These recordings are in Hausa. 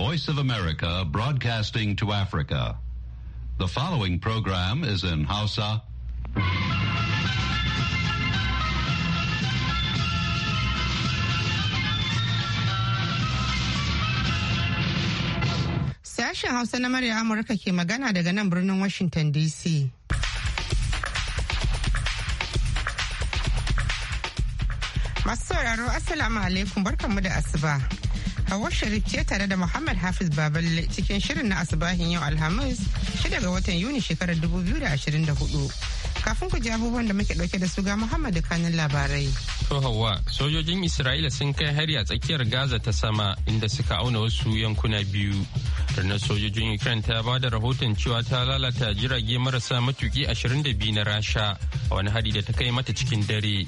Voice of America broadcasting to Africa. The following program is in Hausa. Sashen Hausa na Murya Amurka ke magana daga nan birnin Washington DC. Masu sauraro, Assalamu alaikum barkanmu da asuba. Hawar Sharif ce tare da Muhammad Hafiz Baballe cikin shirin na asibahin yau Alhamis 6 ga watan Yuni shekarar 2024. kafin ku ji abubuwan da muke dauke da su ga Muhammadu kanin labarai. To Hauwa, sojojin Isra'ila sun kai hari a tsakiyar Gaza ta sama inda suka auna wasu yankuna biyu. Rana sojojin Ukraine ta ba da rahoton cewa ta lalata jirage marasa matuki 22 na Rasha a wani hari da ta kai mata cikin dare.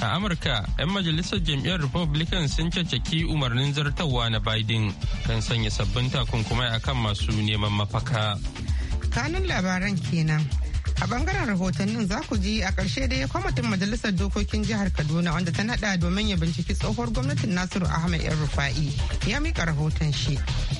A Amurka, 'yan majalisar jam'iyyar Republican sun caccaki umarnin zartawa na Biden kan sanya sabbin takunkumai akan masu neman mafaka. Kanun labaran kenan. A bangaren rahotannin za ku ji a ƙarshe dai kwamitin majalisar dokokin jihar Kaduna wanda ta naɗa domin ya binciki tsohuwar gwamnatin Nasiru Ahmed yan Rufa'i ya mika rahoton shi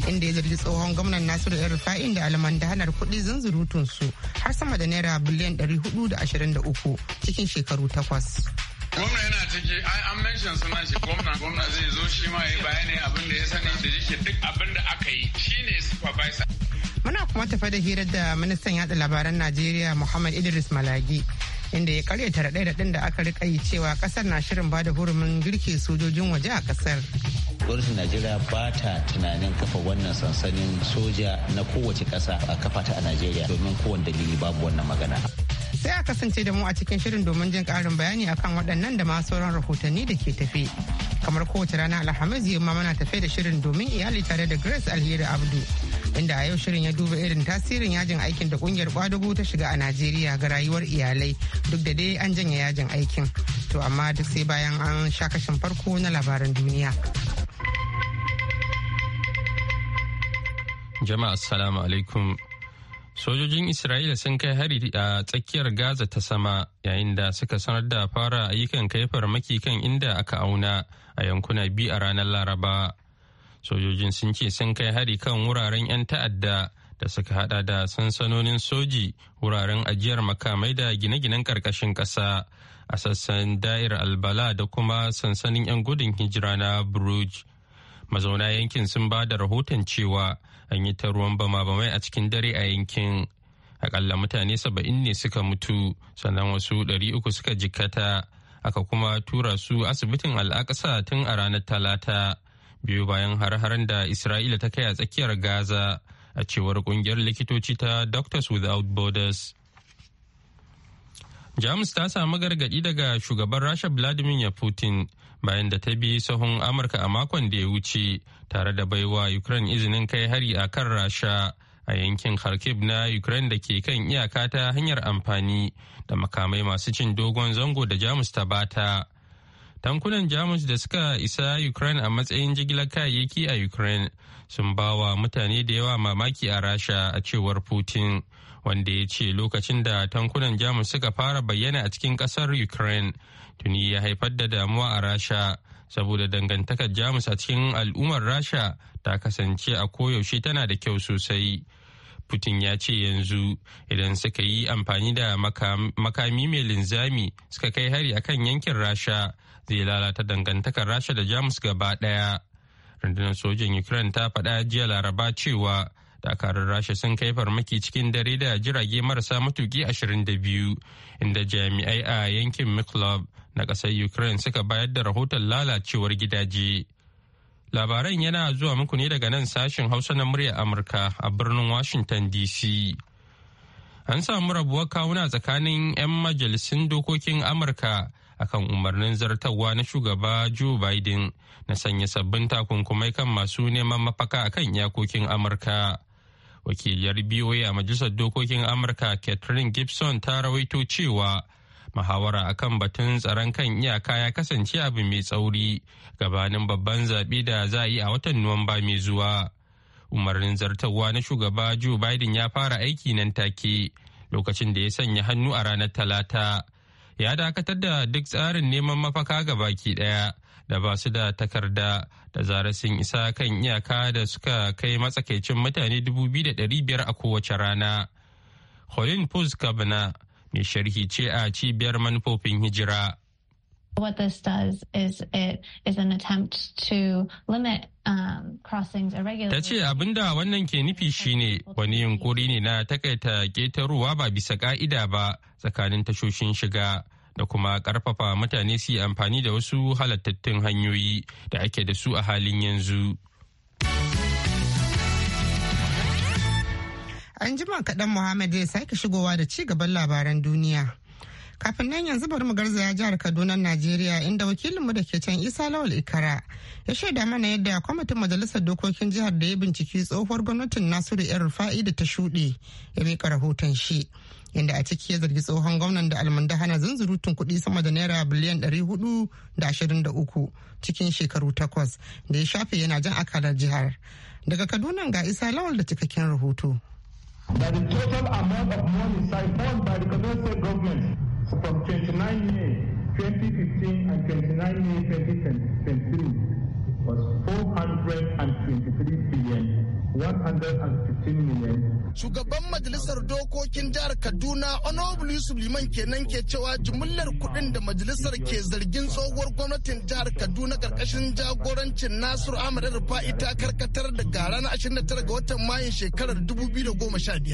inda ya zargi tsohon gwamnan Nasiru yan rufa'i da almandahanar kuɗi zunzurutun su har sama da naira biliyan 423 cikin shekaru takwas. gwamna yana ciki ai an mention suna shi gwamna gwamna zai zo shi ma ya bayani abin da ya sani da yake duk abin da aka yi shine supervisor Muna kuma tafa da hirar da ministan yada labaran Najeriya Muhammad Idris Malagi inda ya karyata raɗe-raɗin da aka rika yi cewa ƙasar na shirin bada hurumin girke sojojin waje a ƙasar. gwamnatin najeriya ba ta tunanin kafa wannan sansanin soja na kowace ƙasa a kafa ta a najeriya domin kowane dalili babu wannan magana sai a kasance da mu a cikin shirin domin jin ƙarin bayani akan waɗannan da masu sauran rahotanni da ke tafe kamar kowace rana alhamis yamma muna tafe da shirin domin iyali tare da grace alheri abdu inda a yau shirin ya duba irin tasirin yajin aikin da kungiyar kwadago ta shiga a najeriya ga rayuwar iyalai duk da dai an janye yajin aikin to amma duk sai bayan an sha kashin farko na labaran duniya jama'a assalamu alaikum sojojin isra'ila sun kai hari a tsakiyar gaza ta sama yayin da suka sanar da fara ayyukan kai farmaki kan inda aka auna a yankuna biyu a ranar laraba sojojin sun ce sun kai hari kan wuraren 'yan ta'adda da suka hada da sansanonin soji wuraren ajiyar makamai da gine-ginen karkashin ƙasa a sassan da'ir albala da kuma sansanin 'yan gudun hijira na bruj mazauna yankin sun ba da rahoton cewa an yi ta ruwan bama-bamai a cikin dare a yankin akalla mutane saba'in ne suka mutu sannan wasu ɗari uku suka jikkata aka kuma tura su asibitin al'akasa tun a ranar talata biyu bayan har-haren da Isra'ila ta kai a tsakiyar Gaza a cewar kungiyar likitoci ta Doctors Without Borders. Jamus ta samu gargaɗi daga shugaban Rasha Vladimir Putin bayan da ta bi sahun Amurka a makon da ya wuce tare da baiwa Ukraine izinin kai hari a kan Rasha a yankin Kharkiv na Ukraine da ke kan iyaka ta hanyar amfani da makamai masu cin dogon zango da Jamus ta bata. tankunan jamus da suka isa ukraine a matsayin jigilar kayayyaki a ukraine sun ba wa mutane da yawa mamaki a rasha a cewar putin wanda ya ce lokacin da tankunan jamus suka fara bayyana a cikin kasar ukraine tuni ya haifar da damuwa a rasha saboda dangantakar jamus a cikin al'ummar rasha ta kasance a koyaushe tana da kyau sosai Putin ya ce yanzu idan suka yi amfani da makami mai linzami suka kai hari akan yankin Rasha zai lalata dangantakar Rasha da Jamus gaba ɗaya. Rundunar sojan Ukraine ta faɗa jiya Laraba cewa dakarun Rasha sun kai farmaki cikin dare da jirage marasa matuki 22 inda jami'ai a yankin Miklov na ƙasar Ukraine suka bayar da rahoton lalacewar gidaje. Labaran yana zuwa muku ne daga nan sashen Hausa na muryar Amurka a birnin Washington DC. An samu rabuwar kawuna tsakanin 'yan majalisun dokokin Amurka akan umarnin zartarwa na shugaba Joe Biden na sanya sabbin takunkumai kan masu neman mafaka akan yakokin Amurka. Wakiliyar BOA a Majalisar Dokokin Amurka Catherine Gibson ta rawaito cewa muhawara kan batun tsaron kan iyaka ya kasance abu mai tsauri gabanin babban zaɓe da za a yi a watan nuwamba mai zuwa umarnin zartarwa na shugaba joe biden ya fara aiki nan take lokacin da ya sanya hannu a ranar talata ya dakatar da duk tsarin neman mafaka ga baki ɗaya da ba su da takarda da zarar sun isa kan iyaka da suka kai matsakaicin mutane 2,500 a kowace rana. Colin Puskabna mai sharhi ce a cibiyar manufofin hijira. What this does is it is an attempt to limit um, Ta ce abinda wannan ke nufi shine wani yunkuri ne na takaita ketarowa ba bisa ka'ida ba tsakanin tashoshin shiga da kuma karfafa mutane su yi amfani da wasu halattattun hanyoyi da ake da su a halin yanzu. An jima kaɗan Muhammad zai sake shigowa da ci gaban labaran duniya. Kafin nan yanzu bari mu garzaya jihar Kaduna Najeriya inda wakilinmu da ke can Isa Lawal Ikara ya shaida mana yadda kwamitin majalisar dokokin jihar da ya binciki tsohuwar gwamnatin Nasiru 'Yar Rufa'i da ta shuɗe ya mika rahoton shi. Inda a ciki ya zargi tsohon gwamnan da almanda hana zunzurutun kuɗi sama da naira biliyan ɗari hudu da ashirin da uku cikin shekaru takwas da ya shafe yana jan akalar jihar. Daga Kaduna ga Isa Lawal da cikakken rahoto. that the total amount of money siphoned by the Kaduna government from 29 May 2015 and 29 May 2023 was 423 billion 115 million. Shugaban Majalisar Dokokin Jihar Kaduna Honorable Yusuf Liman kenan ke cewa jimillar kuɗin da majalisar ke zargin tsohuwar gwamnatin jihar Kaduna karkashin jagorancin Nasiru Ahmed Rufa'i ta karkatar daga ranar 29 ga watan Mayun shekarar 2015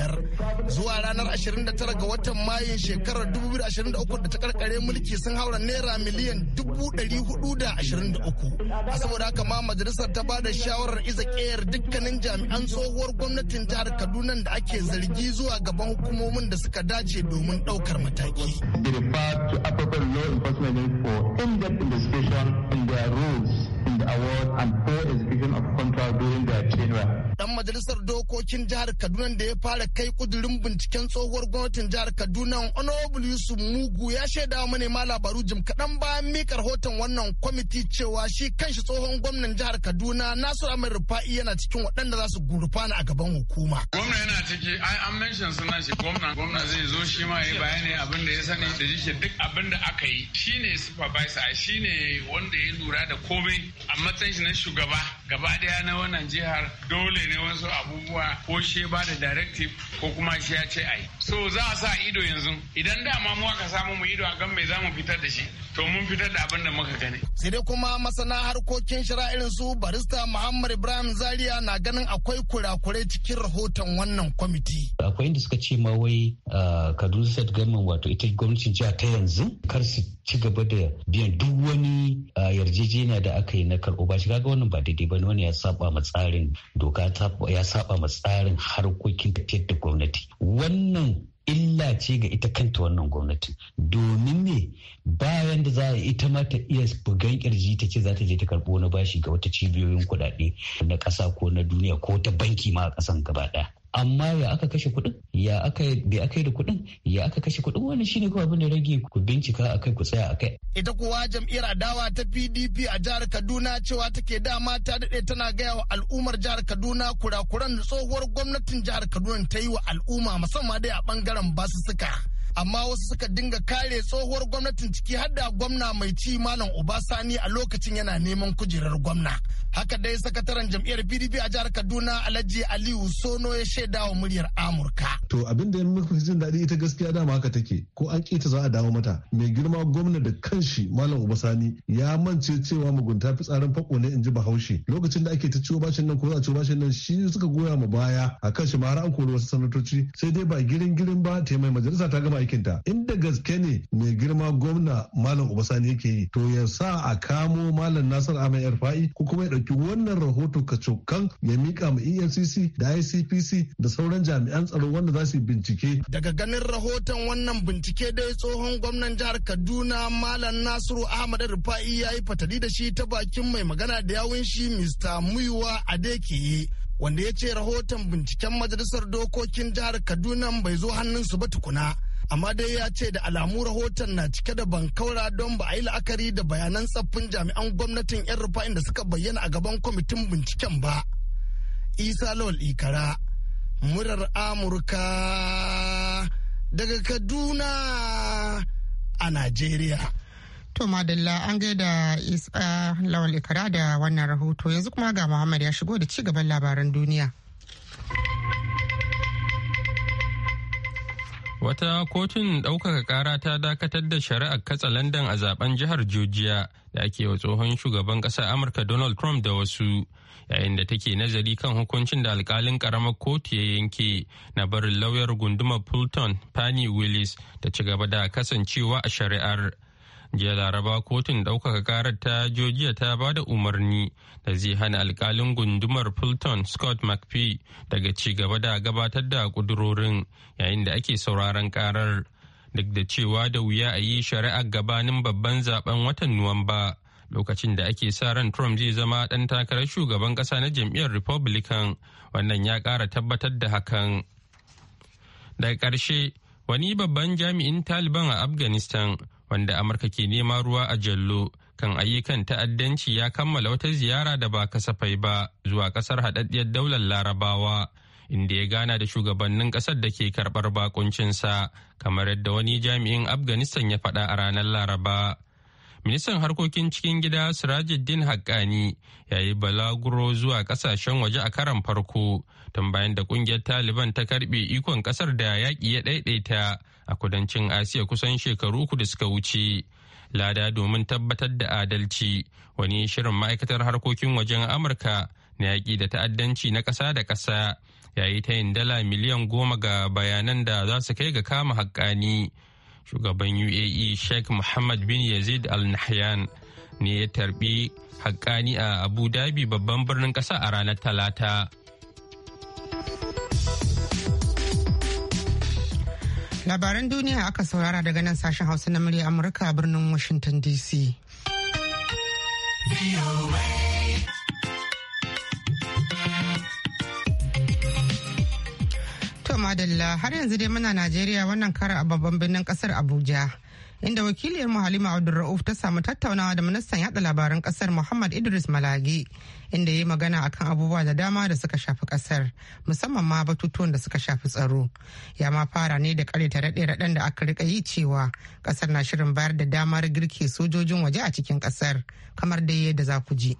zuwa ranar 29 ga watan Mayun shekarar 2023 da ta karkare mulki sun haura naira miliyan 423. A saboda haka ma majalisar ta bada shawarar iza ƙeyar dukkanin jami'an An tsohuwar gwamnatin jihar kaduna da ake zargi zuwa gaban hukumomin da suka dace domin ɗaukar mataki. The refer to appropriate law enforcement for in-depth investigation in their roles and awards and poor execution of contract during their tenure. dan majalisar dokokin jihar kaduna da ya fara kai kudurin binciken tsohuwar gwamnatin jihar kaduna honorable yusuf mugu ya shaida wa manema labaru jim kaɗan bayan miƙa rahoton wannan kwamiti cewa shi kanshi tsohon gwamnan jihar kaduna nasir Ahmed rufa'i yana cikin waɗanda za su gurfana a gaban hukuma. gwamna yana ciki ai an mention sunan shi gwamna gwamna zai zo shi ma ya bayani abin da ya sani da shi duk abin da aka yi shine supervisor shine wanda ya lura da komai matsayin shi na shugaba gaba daya na wannan jihar dole ne wasu abubuwa ko she ba da directive ko kuma shi ya ce ai so za a sa ido yanzu idan da ma mu aka samu mu ido a gan mai za fitar da shi to mun fitar da abin da muka gani sai dai kuma masana harkokin shari'a irin su barista muhammad ibrahim zaria na ganin akwai kurakurai cikin rahoton wannan kwamiti akwai inda suka ce ma wai ah, kaduna state government wato ita gwamnatin jiha ta yanzu kar su ci gaba da biyan duk wani ah, yarjejeniya da aka yi na karɓo ba shi kaga wannan ba daidai ba gwamnoni ne ya saba ma tsarin doka ya saba ma tsarin harkokin tafiyar da gwamnati wannan illa ce ga ita kanta wannan gwamnati domin ne bayan da za a ita ma ta iya bugan kirji ta ce za ta je ta karɓo na bashi ga wata cibiyoyin kuɗaɗe na ƙasa ko na duniya ko ta banki ma a ƙasan gaba ɗaya amma ya aka kashe kuɗin ya aka bai aka yi da kuɗin ya aka kashe kuɗin wannan shine kawai abin da rage ku bincika akai ku tsaya akai ita kuwa jam'iyyar adawa ta PDP a jihar Kaduna cewa take dama ta dade tana gaya wa al'ummar jihar Kaduna kurakuran da tsohuwar gwamnatin jihar Kaduna ta yi wa al'umma musamman dai a bangaren basussuka amma wasu suka dinga kare tsohuwar gwamnatin ciki har da gwamna mai ci malam obasani a lokacin yana neman kujerar gwamna haka dai sakataren jam'iyyar pdp a jihar kaduna alhaji aliyu sono ya shaida wa muryar amurka to abin da ya muka jin daɗi ita gaskiya dama haka take ko an ta za a dawo mata mai girma gwamna da kanshi malam obasani ya mance cewa mugunta tsarin fako ne in ji bahaushe lokacin da ake ta ciwo bashin nan ko za a ciwo bashin nan shi suka goya mu baya a kan shi ma har an kori wasu sanatoci sai dai ba girin girin ba ta mai majalisa ta gama aikinta inda gaske ne mai girma gwamna malam obasani yake yi to ya sa a kamo malam nasar amin yarfa'i ko kuma ya ɗauki wannan rahoto cokan ya mika ma efcc da icpc da sauran jami'an tsaro wanda za su bincike daga ganin rahoton wannan bincike dai tsohon gwamnan jihar kaduna malam nasiru ahmad rufa'i ya yi fatali da shi ta bakin mai magana da yawun shi mr muiwa adekiyi wanda ya ce rahoton binciken majalisar dokokin jihar kaduna bai zo hannunsu ba tukuna amma dai ya ce da alamu rahoton na cike da bankaura don ba a yi la'akari da bayanan tsaffin jami'an gwamnatin 'yan rufa'in da suka bayyana a gaban kwamitin binciken ba isa lawal ikara murar amurka daga kaduna a nigeria. to madalla an gaida isa lawal ikara da wannan rahoto yanzu kuma ga muhammad ya shigo da ci gaban labaran duniya Wata kotun ɗaukaka ƙara ta dakatar da shari'ar katsalandan a zaben jihar Georgia da ake wa tsohon shugaban ƙasar Amurka Donald Trump da wasu, yayin da take nazari kan hukuncin da alkalin ƙaramar kotu ya yanke na barin lauyar gundumar Fulton Fanny Willis ta ci gaba da kasancewa a shari'ar. jiya laraba kotun ɗaukaka karar ta jojiya ta ba da umarni da zai hana alkalin gundumar fulton scott mcphee daga ci gaba da gabatar da kudurorin yayin da ake sauraron karar duk da cewa da wuya a yi shari'ar gabanin babban zaben watan nuwamba lokacin da ake sa ran trump zai zama ɗan takarar shugaban ƙasa na jam'iyyar republican wannan ya ƙara tabbatar da hakan daga ƙarshe wani babban jami'in taliban a afghanistan wanda amurka ke nema ruwa a jallo kan ayyukan ta'addanci ya kammala wata ziyara da ba kasafai ba zuwa kasar haɗaɗɗiyar daular larabawa inda ya gana da shugabannin ƙasar da ke karɓar bakuncinsa kamar yadda wani jami'in afghanistan ya faɗa a ranar laraba ministan harkokin cikin gida din haƙƙani ya yi balaguro zuwa ƙasashen waje a karan farko tun bayan da ƙungiyar taliban ta karɓe ikon ƙasar da yaƙi ya ɗaiɗaita a kudancin asiya kusan shekaru uku da suka wuce lada domin tabbatar da adalci wani shirin ma'aikatar harkokin wajen amurka na yaƙi da ta'addanci na ƙasa da ƙasa yayi ta yin dala miliyan goma ga bayanan da za su kai ga kama haƙƙani shugaban uae sheikh muhammad bin yazid al nahyan ne ya tarbi hakkani a abu dhabi babban birnin kasa a ranar talata labaran duniya aka saurara daga nan sashen hausa na murya amurka birnin washington dc madalla har yanzu dai muna Najeriya wannan kara a babban birnin kasar Abuja. Inda wakiliyarmu Halima Ra'uf ta samu tattaunawa da ministan yada labaran kasar Muhammad Idris Malagi inda ya yi magana akan abubuwa da dama da suka shafi kasar musamman ma batutuwan da suka shafi tsaro. Ya ma fara ne da karyata raɗe-raɗen da aka rika yi cewa kasar na shirin bayar da damar girke sojojin waje a cikin kasar kamar dai yadda za ku ji.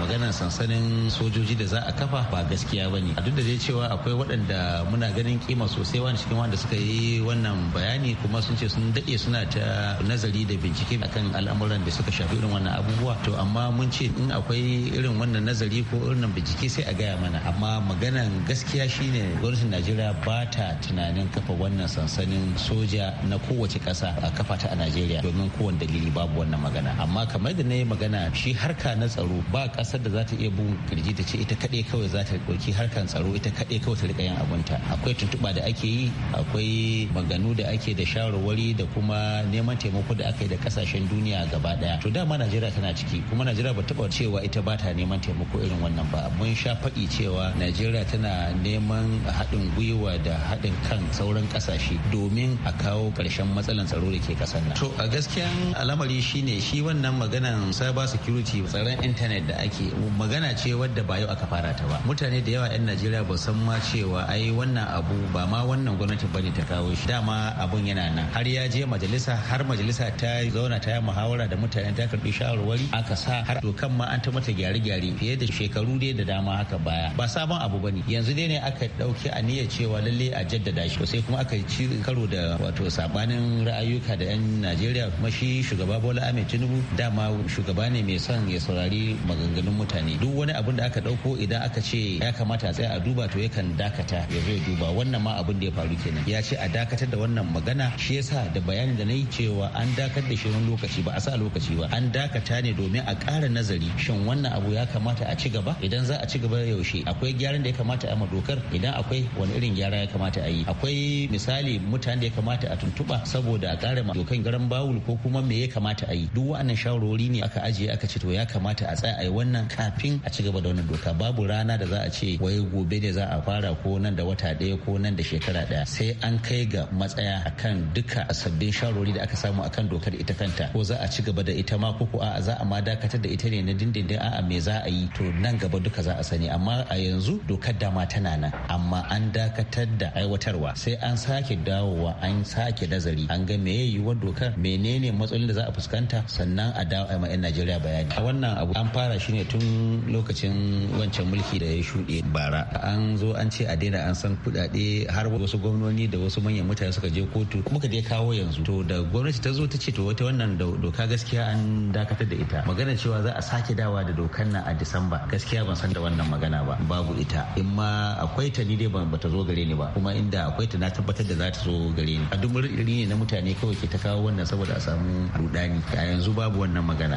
maganar sansanin sojoji da za a kafa ba gaskiya ba ne duk da dai cewa akwai waɗanda muna ganin kima sosai wani cikin wanda suka yi wannan bayani kuma sun ce sun daɗe suna ta nazari da bincike akan al'amuran da suka shafi irin wannan abubuwa to amma mun ce in akwai irin wannan nazari ko irin bincike sai a gaya mana amma maganan gaskiya shine gwamnatin najeriya ba ta tunanin kafa wannan sansanin soja na kowace ƙasa a kafa ta a najeriya domin kowane dalili babu wannan magana amma kamar da na yi magana shi harka na tsaro ba kasar da za ta iya bugu kirji ta ce ita kaɗai kawai za ta ɗauki harkar tsaro ita kaɗai kawai ta riƙa yin abunta akwai tuntuɓa da ake yi akwai maganu da ake da shawarwari da kuma neman taimako da aka yi da kasashen duniya gaba ɗaya to dama najeriya tana ciki kuma najeriya ba taɓa cewa ita ba ta neman taimako irin wannan ba mun sha faɗi cewa najeriya tana neman haɗin gwiwa da haɗin kan sauran kasashe domin a kawo ƙarshen matsalan tsaro da ke ƙasar nan to a gaskiyan al'amari shine shi wannan maganan cyber security tsaron intanet da ake magana ce wadda ba yau aka fara ta ba mutane da yawa 'yan najeriya ba san ma cewa ai wannan abu ba ma wannan gwamnati bane ta kawo shi dama abun yana nan har ya je majalisa har majalisa ta zauna ta yi muhawara da mutane ta karbi shawarwari aka sa har dokan ma an ta mata gyare-gyare fiye da shekaru dai da dama haka baya ba sabon abu bane yanzu dai ne aka dauki aniyar cewa lalle a jaddada shi sai kuma aka ci karo da wato sabanin ra'ayuka da 'yan najeriya kuma shi shugaba bola ahmed tinubu dama shugaba ne mai son ya saurari maganganu maganganun mutane duk wani abin da aka dauko idan aka ce ya kamata a tsaya a duba to yakan dakata ya zai duba wannan ma abin da ya faru kenan ya ce a dakatar da wannan magana shi yasa da bayanin da na yi cewa an dakatar da shi wani lokaci ba a sa lokaci ba an dakata ne domin a ƙara nazari shin wannan abu ya kamata a ci gaba idan za a ci gaba yaushe akwai gyaran da ya kamata a dokar idan akwai wani irin gyara ya kamata a yi akwai misali mutane da ya kamata a tuntuɓa saboda a ƙara dokan garan bawul ko kuma me ya kamata a yi duk wa'annan shawarwari ne aka ajiye aka ce to ya kamata a tsaya a yi wannan nan kafin a ci gaba da wannan doka babu rana da za a ce wai gobe ne za a fara ko nan da wata ɗaya ko nan da shekara ɗaya sai an kai ga matsaya akan duka sabbin sharori da aka samu akan dokar ita kanta ko za a ci gaba da ita ma ko a'a za a ma dakatar da ita ne na dindindin a'a me za a yi to nan gaba duka za a sani amma a yanzu dokar da ma tana nan amma an dakatar da aiwatarwa sai an sake dawowa an sake nazari an ga me yiwuwar dokar menene matsalolin da za a fuskanta sannan a dawo a 'yan Najeriya bayani a wannan abu an fara shi shine tun lokacin wancan mulki da ya shuɗe bara an zo an ce a daina an san kuɗaɗe har wasu gwamnoni da wasu manyan mutane suka je kotu muka dai kawo yanzu to da gwamnati ta zo ta ce to wata wannan doka gaskiya an dakatar da ita magana cewa za a sake dawa da dokan nan a disamba gaskiya ban san da wannan magana ba babu ita in ma akwai ta ni dai ban bata zo gare ni ba kuma inda akwai ta na tabbatar da za ta zo gare ni a duk ne na mutane kawai ke ta kawo wannan saboda a samu rudani a yanzu babu wannan magana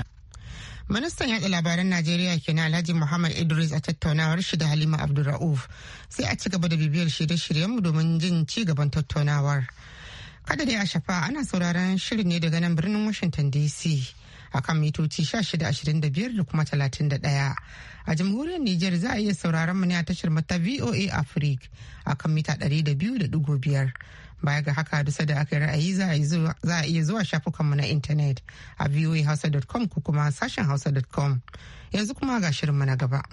Ministan yaɗa labaran Najeriya kenan Alhaji Muhammad Idris a tattaunawar shi da Halima Abdulra'uf sai a ci gaba da bibiyar shirye-shiryenmu domin jin ci gaban tattaunawar. Kada dai a shafa ana sauraron shirin ne daga nan birnin Washington DC a kan mitoci 1625 da kuma talatin da ɗaya. A jamhuriyar Nijar za a iya sauraron mu ne a tashar mata VOA Africa a kan mita 200.5. baya ga haka dusa da aka ra'ayi za a iya zuwa shafukanmu na intanet a voahausa.com ko kuma sashen hausa.com yanzu kuma ga shirinmu na gaba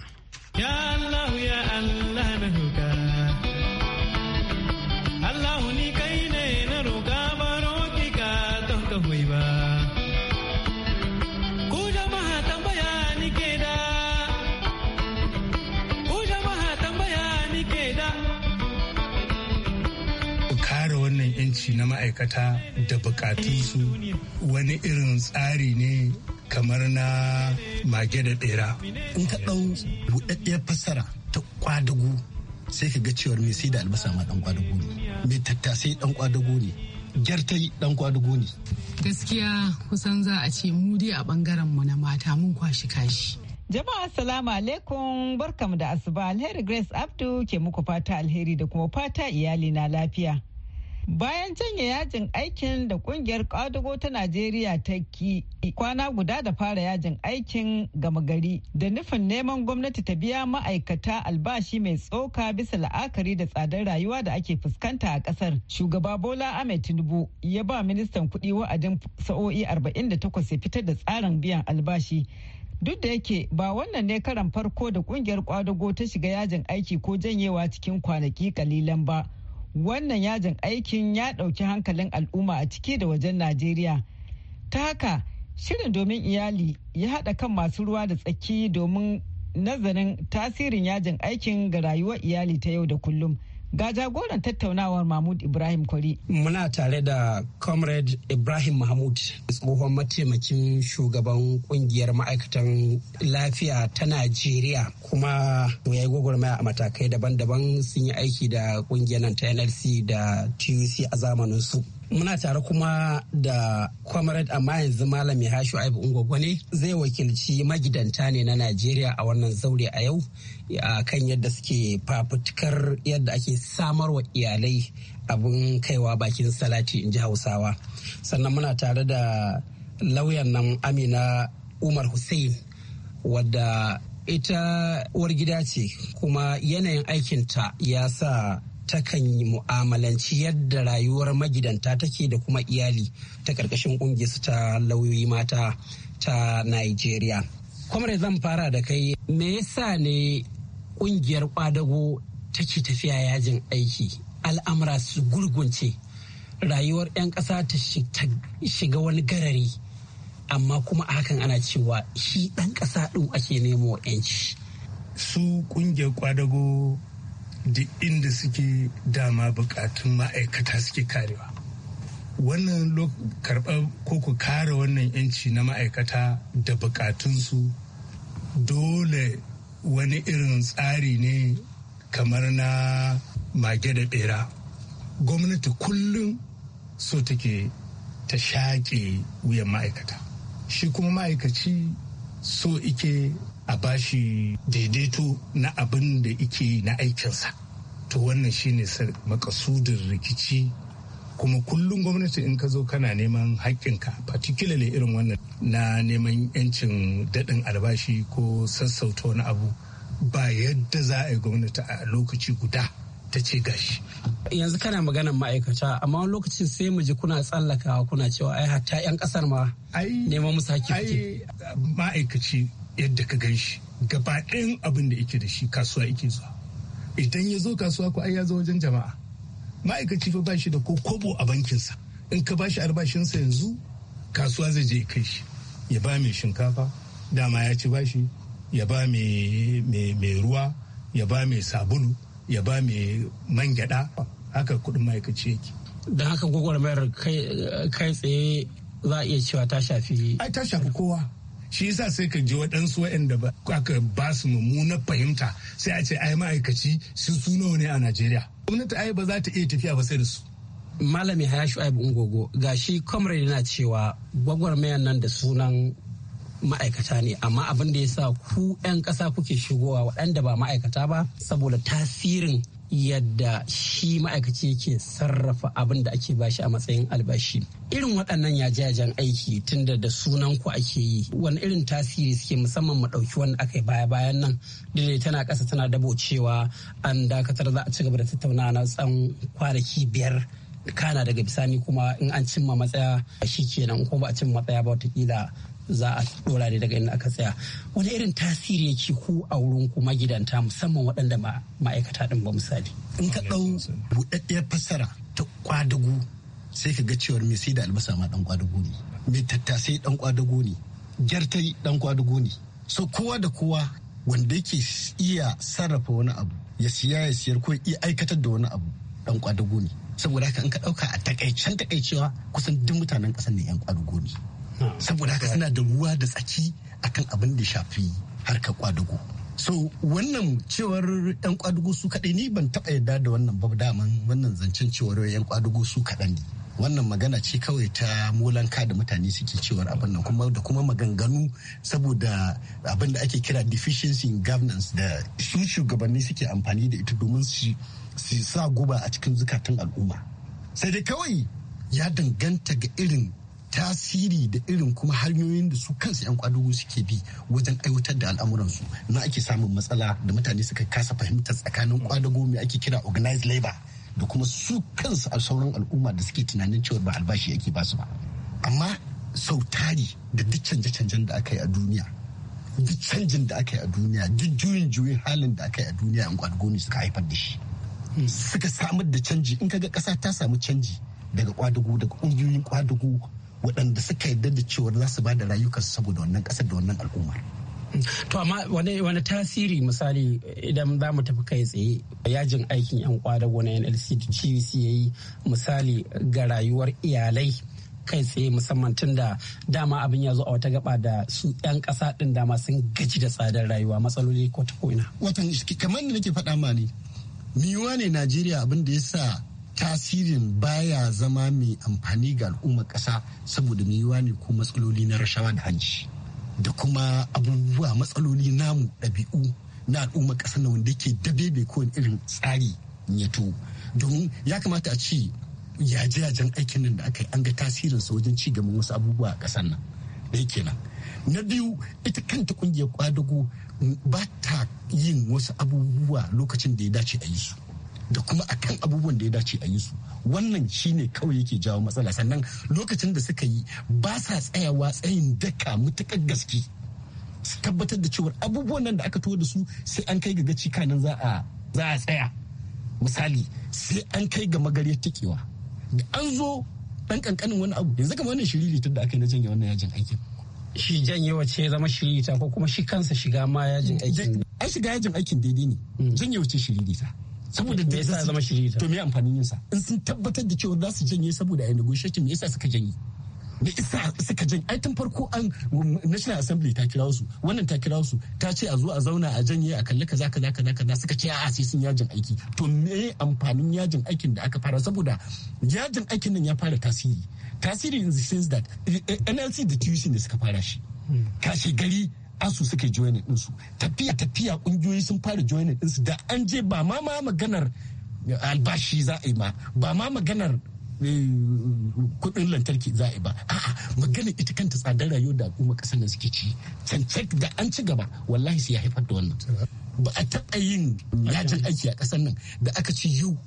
ya Allah ya Allah na ma'aikata da bukatunsu wani irin tsari ne kamar na mage da bera. In ka ɗau buɗaɗɗiyar fassara ta kwadago sai ka ga cewar mai sai da albasa ma ɗan kwadugu ne, mai tattasai ɗan kwadugu ne, gyartai ɗan kwadugu ne. Gaskiya kusan za a ce mu dai a ɓangaren mu na mata mun kwashi kashi. Jama'a salamu alaikum barkamu da asuba alheri Grace Abdu ke muku fata alheri da kuma fata iyali na lafiya. bayan canye yajin aikin da kungiyar ƙwadago ta najeriya ta ki kwana guda da fara yajin aikin gama gari da nufin neman gwamnati ta biya ma'aikata albashi mai tsoka bisa la'akari da tsadar rayuwa da ake fuskanta a kasar shugaba bola ahmed tinubu ya ba ministan kuɗi wa'adin sa'o'i 48 ya fitar da tsarin biyan albashi duk da yake ba wannan ne karan farko da kungiyar kwadago ta shiga yajin aiki ko janyewa cikin kwanaki kalilan ba wannan yajin aikin ya ɗauki hankalin al'umma a ciki da wajen najeriya ta haka shirin domin iyali ya haɗa kan masu ruwa da tsaki domin nazarin tasirin yajin aikin ga rayuwar iyali ta yau da kullum. Ga jagoran tattaunawar Mahmud Ibrahim Kwari. Muna tare da Comrade Ibrahim Mahmud, tsohon mataimakin shugaban kungiyar ma'aikatan lafiya ta Najeriya kuma ya yi gwagwarmaya a matakai daban-daban sun yi aiki da kungiyar nan ta NLC da TUC a zamanin su. muna tare kuma da comrade amma yanzu malami hashu aibu ungwagwa ne zai wakilci magidanta ne na najeriya a wannan zaure a yau a kan yadda suke fafutukar yadda ake samar wa iyalai abin kaiwa bakin salati in ji hausawa sannan muna tare da lauyan nan amina umar hussein wadda ita uwar gida ce kuma yanayin aikinta ya sa takan yi mu'amalanci yadda rayuwar magidanta take da kuma iyali ta ƙarƙashin ƙungiyarsu ta lauyoyi mata ta Najeriya. Kwamre zan fara da kai me yasa ne ƙungiyar ƙwadago take tafiya yajin aiki al'amura su gurgunce rayuwar 'yan ƙasa ta shiga wani garari amma kuma hakan ana cewa shi ɗan ƙasa ɗin ake nemo 'yanci. su ƙungiyar kwadago da inda suke dama bukatun ma'aikata suke karewa wannan karɓar ko ku kare wannan yanci na ma'aikata da bukatunsu dole wani irin tsari ne kamar na mage da bera gwamnati kullum so take ta shaƙe wuyan ma'aikata shi kuma ma'aikaci so ike a bashi daidaito na abin da ike na aikinsa to wannan shine makasudin rikici kuma kullum gwamnati in ka zo kana neman haƙƙinka particularly irin wannan na neman 'yancin daɗin albashi ko sassauta wani abu ba yadda za a yi gwamnati a lokaci guda ta ce gashi yanzu kana maganan ma'aikata amma wani lokacin sai mu ji kuna tsallakawa kuna cewa ai hatta 'yan kasar ma neman musu haƙƙi ma'aikaci yadda ka gan shi gaba ɗayan abin da yake da shi kasuwa yake zuwa idan ya zo kasuwa ko ai ya zo wajen jama'a ma'aikaci fa ba shi da ko kobo a bankinsa in ka ba shi albashinsa yanzu kasuwa zai je kai shi ya ba mai shinkafa dama ya ci bashi ya ba mai ruwa ya ba mai sabulu ya ba mai man gyada haka kudin ma'aikaci yake da haka gwagwarmayar kai tsaye za a iya cewa ta shafi ai ta shafi kowa shi yasa sai ka je waɗansu waɗanda aka ba su mummunar fahimta sai a ce ai ma'aikaci sun su ne a najeriya gwamnati ai ba za ta iya tafiya ba sai da su malami haya shu'aibu ungogo ga shi comrade yana cewa gwagwarmaya nan da sunan ma'aikata ne amma abin da ya sa ku 'yan ƙasa kuke shigowa waɗanda ba ma'aikata ba saboda tasirin yadda shi ma'aikaci yake sarrafa abin da ake bashi a matsayin albashi irin waɗannan yajajen aiki tunda da sunan ku ake yi wani irin tasiri suke musamman mu ɗauki wanda aka baya bayan nan dai tana ƙasa tana dabo cewa an dakatar za a ci gaba da tattauna na tsan kwanaki biyar kana daga bisani kuma in an cimma matsaya shi kenan ko ba a cimma matsaya ba watakila za a dora ne daga inda aka tsaya wani irin tasiri yake ku a wurin ku magidanta musamman waɗanda ma'aikata ɗin ba misali in ka ɗau buɗaɗɗiyar fassara ta kwadago sai ka ga cewar mai sai da albasa ma ɗan kwadugu ne mai tattasai ɗan kwadago ne gyartai ɗan kwadago ne so kowa da kowa wanda yake iya sarrafa wani abu ya siya ya siyar ko iya aikatar da wani abu ɗan kwadugu ne saboda haka in ka ɗauka a takaicen takaicewa kusan duk mutanen ƙasar ne 'yan kwadago ne saboda haka suna da ruwa da tsaki akan abin da shafi harkar kwadugo so wannan cewar yan kwadugo su kaɗai ni ban taɓa yadda da wannan ba daman wannan zancen cewar yan kwadugo su kaɗan ne wannan magana ce kawai ta molanka da mutane suke cewar abin nan kuma da kuma maganganu saboda abin da ake kira deficiency in governance da su shugabanni suke amfani da ita domin su sa guba a cikin zukatan al'umma sai dai kawai ya danganta ga irin tasiri da irin kuma hanyoyin da su kansu 'yan kwadugu suke bi wajen aiwatar da al'amuransu na ake samun matsala da mutane suka kasa fahimtar tsakanin kwadago mai ake kira organized labor da kuma su kansu a sauran al'umma da suke tunanin cewa ba albashi yake ba su ba amma sau tari da duk canje-canjen da aka yi a duniya duk canjin da aka yi a duniya duk juyin juyin halin da aka yi a duniya yan kwadugu ne suka haifar da shi hmm. suka samar da canji in kaga kasa ta samu canji daga kwadugu daga ƙungiyoyin kwadugu waɗanda suka yarda da cewar za su ba da rayukansu saboda wannan ƙasar da wannan al'ummar. To amma wani tasiri misali idan za mu tafi kai tsaye yajin aikin 'yan kwada gona NLC da GVC e ya yi misali ga rayuwar iyalai kai tsaye musamman tun da dama abin ya zo a wata gaba da su 'yan kasa din dama sun gaji da tsadar rayuwa matsaloli ko ta ko'ina. Watan kamar da nake faɗa ma ne, miwa ne Najeriya abin da ya sa tasirin baya zama mai amfani ga al'ummar ƙasa saboda mai yiwa ne ko matsaloli na rashawa da hanci da kuma abubuwa matsaloli namu ɗabi'u na al'ummar ƙasa na wanda ke bai kowane irin tsari ya to domin ya kamata a ci yaje-yajen aikin nan da aka yi an ga tasirin sa wajen ci gaban wasu abubuwa a ƙasar nan ɗaya kenan na biyu ita kanta ƙungiyar kwadago ba ta yin wasu abubuwa lokacin da ya dace a yi su da kuma akan abubuwan da ya dace a yi su wannan shine kawai yake jawo matsala sannan lokacin da suka yi ba sa tsayawa tsayin daka mutukar gaske su tabbatar da cewa abubuwan nan da aka tuwo da su sai an kai ga gaci kanin za a za a tsaya misali sai an kai ga magariyar tikewa da an zo dan kankanin wani abu yanzu kamar wannan shiriri tun da aka yi na janye wannan yajin aikin shi janyewa ce zama shiriri ta ko kuma shi kansa shiga ma yajin aikin an shiga yajin aikin daidai ne mm. janyewa ce shiriri ta saboda da yasa zama shirita to me amfanin yin sa in sun tabbatar da cewa za su janye saboda ai negotiation me yasa suka janye me yasa suka janye ai tun farko an national assembly ta kira su wannan ta kira su ta ce a zo a zauna a janye a kalli kaza kaza kaza kaza suka ce a'a sai sun yajin aiki to me amfanin yajin aikin da aka fara saboda yajin aikin nan ya fara tasiri tasiri in the sense that eh, eh, NLC da TUC ne suka fara shi hmm. kashe gari asu suke joining ɗinsu tafiya tafiya ƙungiyoyi sun fara joining ɗinsu da an je ba ma ma maganar albashi za a yi ma ba ma maganar eh, kudin lantarki za a yi ba a'a maganar ita kanta tsadar rayuwa da kuma kasar da suke ci cancak da an ci gaba wallahi sai ya haifar da wannan ba a taɓa yin yajin aiki a kasar nan da aka ci yau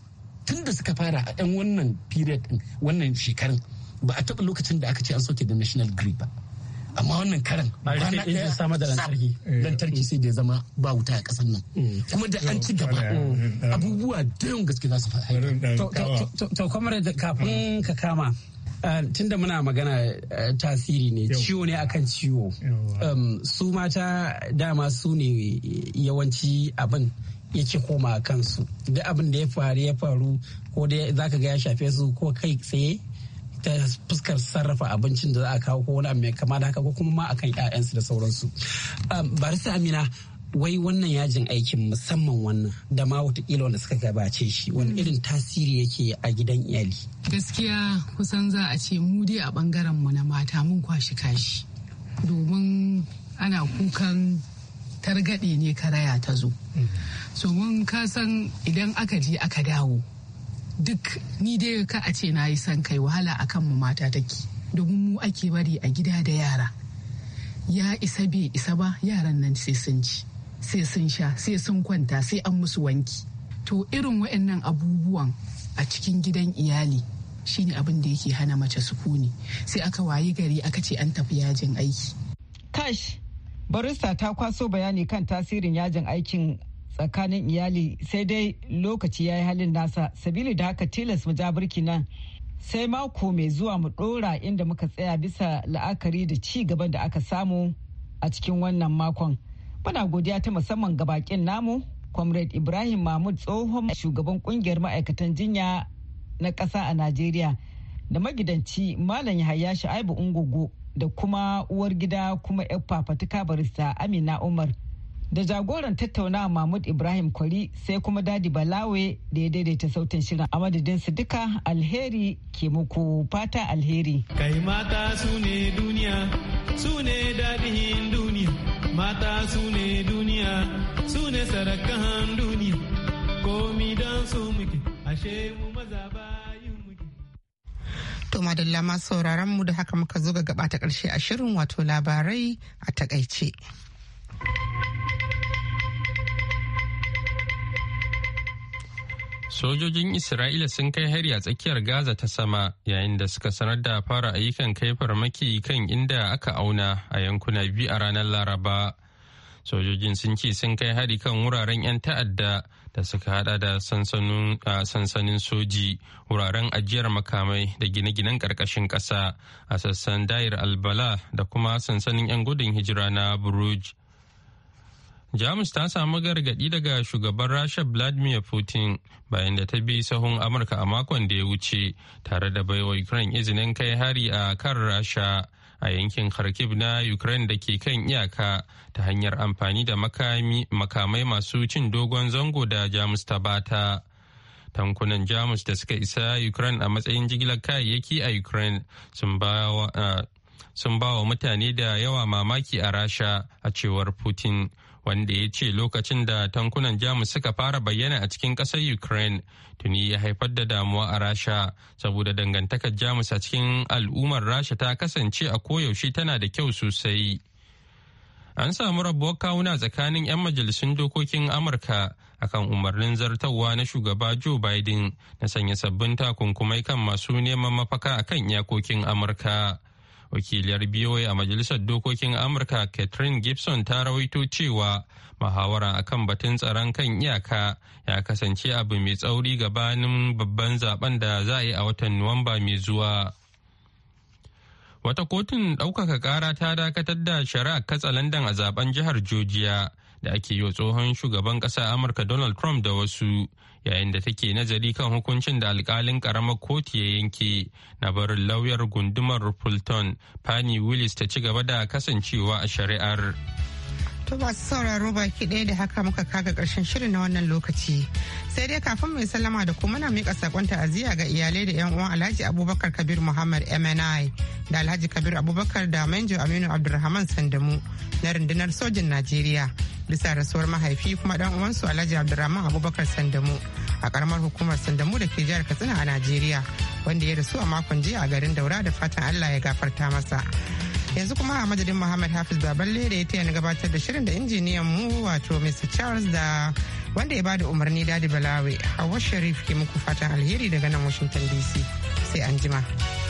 tun da suka fara a ɗan wannan period wannan shekarun ba a taɓa lokacin da aka ce an soke da national grid ba amma wannan karan ɗaya samar da lantarki eh. lantarki sai da zama ba wuta a ƙasar nan mm. kuma da an ci gaba mm. Mm. abubuwa da yawan gaske za su faɗa to kamar da kafin ka kama eh, tun da muna magana eh, tasiri ne ciwo ne akan ciwo um, su mata dama su ne yawanci abin yake koma kansu duk abin da ya faru ya faru ko da zaka ga ya shafe su ko kai tsaye ta fuskar sarrafa abincin da za a kawo ko wani abu mai kama da haka ko kuma ma akan 'ya'yansu da sauransu um, barista amina wai wannan yajin aikin musamman wannan da ma watakila wanda suka gabace shi wani mm. irin tasiri yake a gidan iyali gaskiya kusan za a ce mu dai a bangaren mu na mata mun kwashi kashi domin ana kukan targaɗe ne karaya ta zo mm. so mun kasan idan aka je aka dawo duk ni dai ka a ce na yi san kai wahala akan mu mata take domin mu ake bari a gida da yara ya isa bai isa ba yaran nan sai sun ci sai sun sha sai sun kwanta sai an musu wanki to irin waɗannan abubuwan a cikin gidan iyali shine abin da yake hana mace sukuni sai aka wayi gari aka ce an tafi yajin aiki kash barista ta kwaso bayani kan tasirin yajin aikin tsakanin iyali sai dai lokaci ya yi halin nasa sabili da haka tilas majaburki ja nan sai mako mai zuwa mu ɗora inda muka tsaya bisa la'akari da ci gaban da aka samu a cikin wannan makon muna godiya ta musamman ga bakin namu comrade ibrahim mahmud tsohon shugaban kungiyar ma'aikatan jinya na ƙasa a najeriya da magidanci malam yahaya aibu ungogo da kuma uwar gida kuma yar fafatuka barista amina umar da jagoran tattaunawa mahmud ibrahim kwari sai kuma dadi balawe da ya daidaita sautin shirin a madadin su duka alheri ke muku fata alheri kai mata su ne duniya su ne dadihin duniya mata su ne duniya su ne sarakan duniya komi don su muke ashe mu maza ba muke to madalla masu sauraron mu da haka muka zo ga gaba ta karshe a shirin wato labarai a takaice Sojojin Isra'ila sun kai hari a tsakiyar Gaza ta sama yayin da suka sanar da fara ayyukan kai farmaki kan inda aka auna a yankuna biyu a ranar Laraba. Sojojin sun ce sun kai hari kan wuraren 'yan ta'adda da suka hada da sansanin soji, wuraren ajiyar makamai da gine-ginen ƙarƙashin ƙasa a sassan Dair Albala da kuma sansanin 'yan gudun hijira na Buruj. jamus ta samu gargaɗi daga shugaban rasha vladimir putin bayan da ta bi sahun amurka a makon da ya wuce tare da baiwa ukraine izinin kai hari a kan rasha a yankin kharkiv na ukraine da ke kan iyaka ta hanyar amfani da makamai masu cin dogon zango da jamus ta bata tankunan jamus da suka isa ukraine a matsayin jigilar kayayyaki a ukraine sun ba wa eh, mutane da yawa mamaki a rasha a cewar putin wanda ya ce lokacin da tankunan jamus suka fara bayyana a cikin ƙasar ukraine tuni ya haifar da damuwa a rasha saboda dangantakar jamus a cikin al'ummar rasha ta kasance a koyaushe tana da kyau sosai an samu rabuwar kawuna tsakanin 'yan majalisun dokokin amurka akan umarnin zartawa na shugaba joe biden na sanya sabbin takunkumai kan masu neman mafaka akan iyakokin amurka wakiliyar BOA a majalisar dokokin amurka catherine gibson ta rawaito cewa muhawara akan batun tsaron kan iyaka ya kasance abu mai tsauri gabanin babban zaben da za a yi a watan nuwamba mai zuwa wata kotun ɗaukaka kara ta dakatar da shari'a katsalandan a zaben jihar georgia da ake yi wa tsohon shugaban ƙasa amurka donald trump da wasu yayin da take nazari kan hukuncin da alkalin karamar kotu ya yanke na barin lauyar gundumar fulton fanny willis ta ci gaba da kasancewa a shari'ar To masu sauraro baki ɗaya da haka muka kaga ƙarshen shirin na wannan lokaci. Sai dai kafin mai sallama da kuma na miƙa saƙon ta'aziyya ga iyalai da 'yan uwan Alhaji Abubakar Kabir Muhammad MNI da Alhaji Kabir Abubakar da mainjo Aminu Abdulrahman Sandamu na rundunar sojin Najeriya. bisa rasuwar mahaifi kuma dan uwansu Alhaji Abdurrahman Abubakar Sandamu a karamar hukumar Sandamu da ke jihar Katsina a Najeriya wanda ya rasu a makon jiya a garin Daura da fatan Allah ya gafarta masa. Yanzu kuma a madadin Muhammad Hafiz Baballe da ya taya ni gabatar da shirin da injiniyan mu wato Mr. Charles da wanda ya bada umarni Dadi Balawe. Hawa Sharif ke muku fatan alheri daga nan Washington DC. Sai anjima. jima.